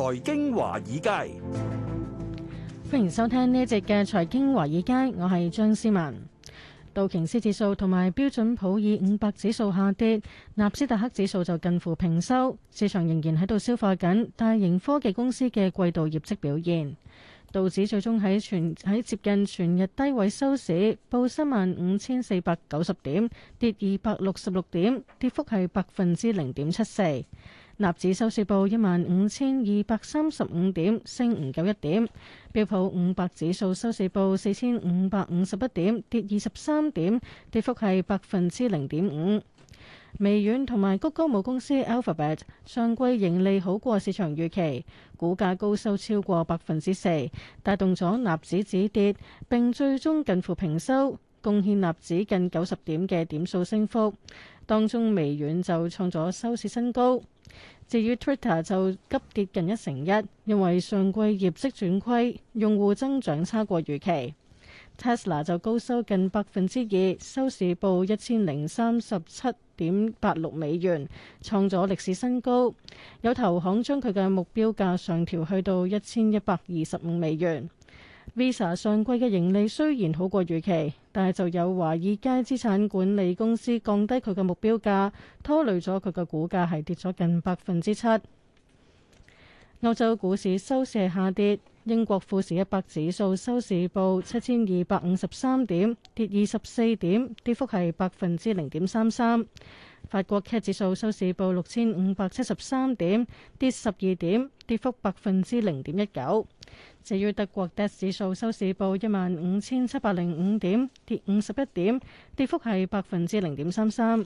財經華爾街，歡迎收聽呢一集嘅財經華爾街，我係張思文。道瓊斯指數同埋標準普爾五百指數下跌，納斯達克指數就近乎平收。市場仍然喺度消化緊大型科技公司嘅季度業績表現。道指最終喺全喺接近全日低位收市，報三萬五千四百九十點，跌二百六十六點，跌幅係百分之零點七四。納指收市報一萬五千二百三十五點，升唔夠一點。標普五百指數收市報四千五百五十一點，跌二十三點，跌幅係百分之零點五。微軟同埋谷歌母公司 Alphabet 上季盈利好過市場預期，股價高收超過百分之四，帶動咗納指止跌，並最終近乎平收。貢獻納指近九十點嘅點數升幅，當中微軟就創咗收市新高。至於 Twitter 就急跌近一成一，因為上季業績轉虧，用戶增長差過預期。Tesla 就高收近百分之二，收市報一千零三十七點八六美元，創咗歷史新高，有投行將佢嘅目標價上調去到一千一百二十五美元。Visa 上季嘅盈利雖然好過預期。但係就有華爾街資產管理公司降低佢嘅目標價，拖累咗佢嘅股價係跌咗近百分之七。歐洲股市收市係下跌，英國富時一百指數收市報七千二百五十三點，跌二十四點，跌幅係百分之零點三三。法國 CAC 指數收市報六千五百七十三點，跌十二點，跌幅百分之零點一九。至於德國 DAX 指數收市報一萬五千七百零五點，跌五十一點，跌幅係百分之零點三三。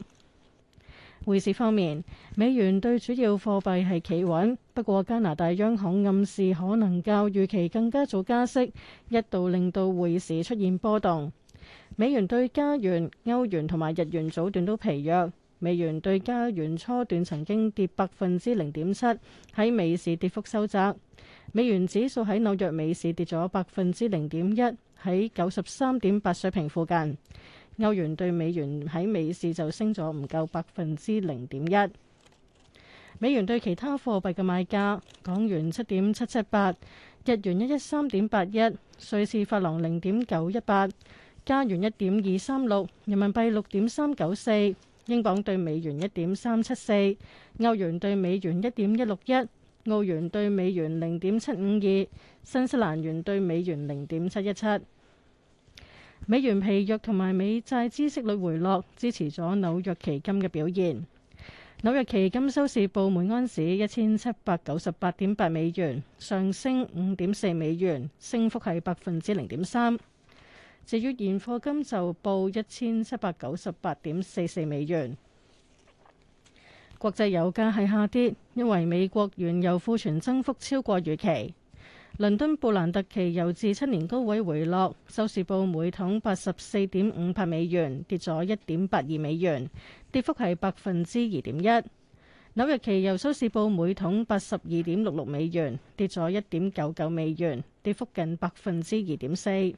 匯市方面，美元對主要貨幣係企穩，不過加拿大央行暗示可能較預期更加早加息，一度令到匯市出現波動。美元對加元、歐元同埋日元早段都疲弱，美元對加元初段曾經跌百分之零點七，喺美市跌幅收窄。美元指數喺紐約美市跌咗百分之零點一，喺九十三點八水平附近。歐元對美元喺美市就升咗唔夠百分之零點一。美元對其他貨幣嘅賣價：港元七點七七八，日元一一三點八一，瑞士法郎零點九一八，加元一點二三六，人民幣六點三九四，英鎊對美元一點三七四，歐元對美元一點一六一。澳元兌美元零點七五二，新西蘭元兌美元零點七一七。美元疲弱同埋美債孳息率回落，支持咗紐約期金嘅表現。紐約期金收市報每安士一千七百九十八點八美元，上升五點四美元，升幅係百分之零點三。至於現貨金就報一千七百九十八點四四美元。國際油價係下跌，因為美國原油庫存增幅超過預期。倫敦布蘭特期油至七年高位回落，收市報每桶八十四點五八美元，跌咗一點八二美元，跌幅係百分之二點一。紐約期油收市報每桶八十二點六六美元，跌咗一點九九美元，跌幅近百分之二點四。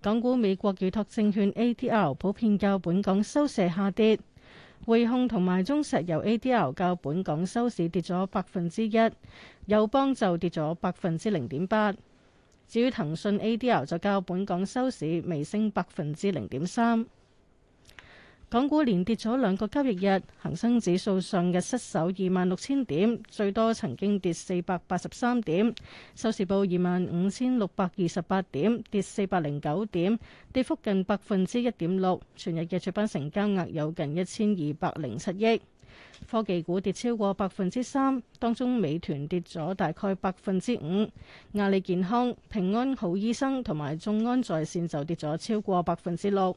港股美國預託證券 ADR 普遍較本港收市下跌。匯控同埋中石油 ADR 較本港收市跌咗百分之一，友邦就跌咗百分之零點八，至於騰訊 ADR 就較本港收市微升百分之零點三。港股連跌咗兩個交易日，恒生指數上日失守二萬六千點，最多曾經跌四百八十三點，收市報二萬五千六百二十八點，跌四百零九點，跌幅近百分之一點六。全日嘅主板成交額有近一千二百零七億，科技股跌超過百分之三，當中美團跌咗大概百分之五，阿里健康、平安好醫生同埋眾安在線就跌咗超過百分之六。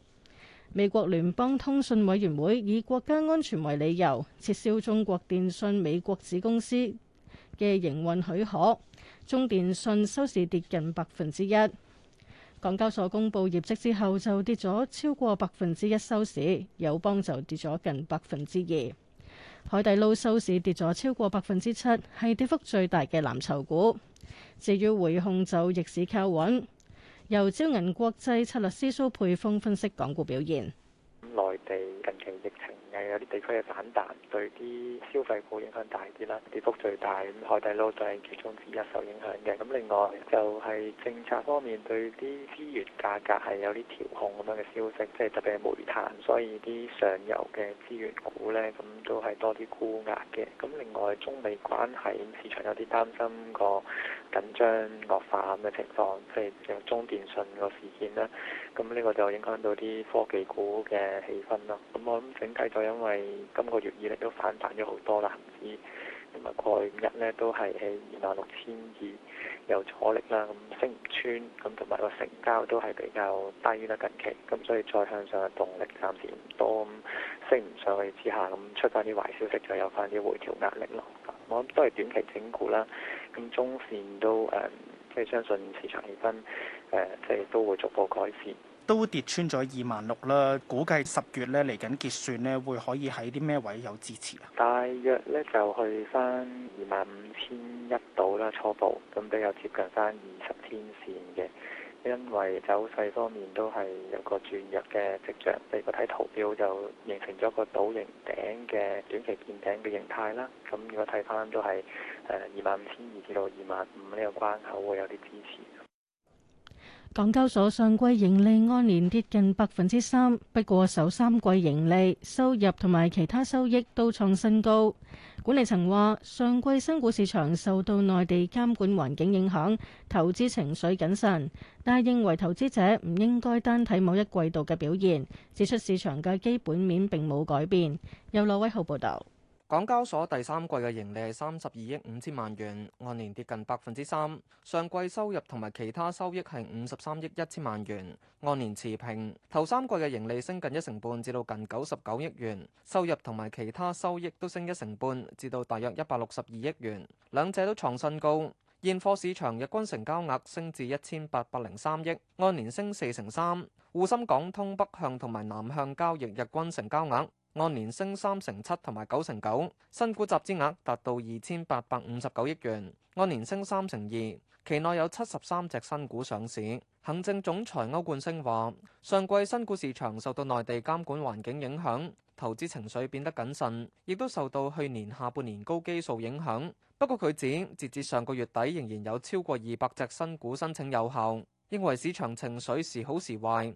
美國聯邦通信委員會以國家安全為理由，撤銷中國電信美國子公司嘅營運許可。中電信收市跌近百分之一。港交所公布業績之後就跌咗超過百分之一收市，友邦就跌咗近百分之二，海底撈收市跌咗超過百分之七，係跌幅最大嘅藍籌股。至於回控就逆市靠穩。由招銀國際策略師蘇佩峰分析港股表現。內地近期疫情又有啲地區嘅反彈，對啲消費股影響大啲啦，跌幅最大。海底撈就係其中之一受影響嘅。咁另外就係政策方面對啲資源價格係有啲調控咁樣嘅消息，即係特別係煤炭，所以啲上游嘅資源股咧，咁都係多啲沽壓嘅。咁另外中美關係市場有啲擔心過，將惡化咁嘅情況，即係有中電信個事件啦，咁呢個就影響到啲科技股嘅氣氛啦。咁我諗整體就因為今個月以嚟都反彈咗好多啦，唔止，同埋過去五日呢都係喺二萬六千二有阻力啦，咁升唔穿，咁同埋個成交都係比較低啦近期，咁所以再向上嘅動力暫時唔多，咁升唔上去之下，咁出翻啲壞消息就有翻啲回調壓力咯。我諗都係短期整固啦，咁中線都誒、嗯，即係相信市場氣氛誒、呃，即係都會逐步改善。都跌穿咗二萬六啦，估計十月咧嚟緊結算咧，會可以喺啲咩位有支持啊？大約咧就去翻二萬五千一度啦，初步，咁比較接近翻二十天線嘅。因為走勢方面都係有個轉弱嘅跡象，譬如，如果睇圖表就形成咗個倒形頂嘅短期見頂嘅形態啦。咁如果睇返都係誒二萬五千二至到二萬五呢個關口會有啲支持。港交所上季盈利按年跌近百分之三，不過首三季盈利，收入同埋其他收益都創新高。管理層話，上季新股市場受到內地監管環境影響，投資情緒謹慎，但係認為投資者唔應該單睇某一季度嘅表現，指出市場嘅基本面並冇改變。有劉威豪報道。港交所第三季嘅盈利係三十二億五千萬元，按年跌近百分之三。上季收入同埋其他收益係五十三億一千萬元，按年持平。頭三季嘅盈利升近一成半，至到近九十九億元；收入同埋其他收益都升一成半，至到大約一百六十二億元，兩者都創新高。現貨市場日均成交額升至一千八百零三億，按年升四成三。滬深港通北向同埋南向交易日均成交額，按年升三成七同埋九成九，新股集資額達到二千八百五十九億元，按年升三成二。期內有七十三隻新股上市。行政總裁歐冠昇話：上季新股市場受到內地監管環境影響，投資情緒變得謹慎，亦都受到去年下半年高基數影響。不過佢指，截至上個月底仍然有超過二百隻新股申請有效，認為市場情緒時好時壞。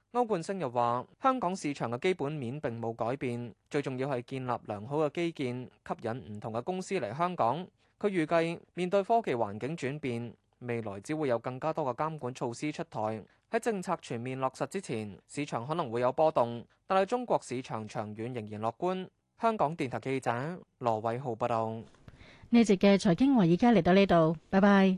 歐冠星又話：香港市場嘅基本面並冇改變，最重要係建立良好嘅基建，吸引唔同嘅公司嚟香港。佢預計面對科技環境轉變，未來只會有更加多嘅監管措施出台。喺政策全面落實之前，市場可能會有波動，但係中國市場長遠仍然樂觀。香港電台記者羅偉浩報道。呢節嘅財經華爾街，而家嚟到呢度，拜拜。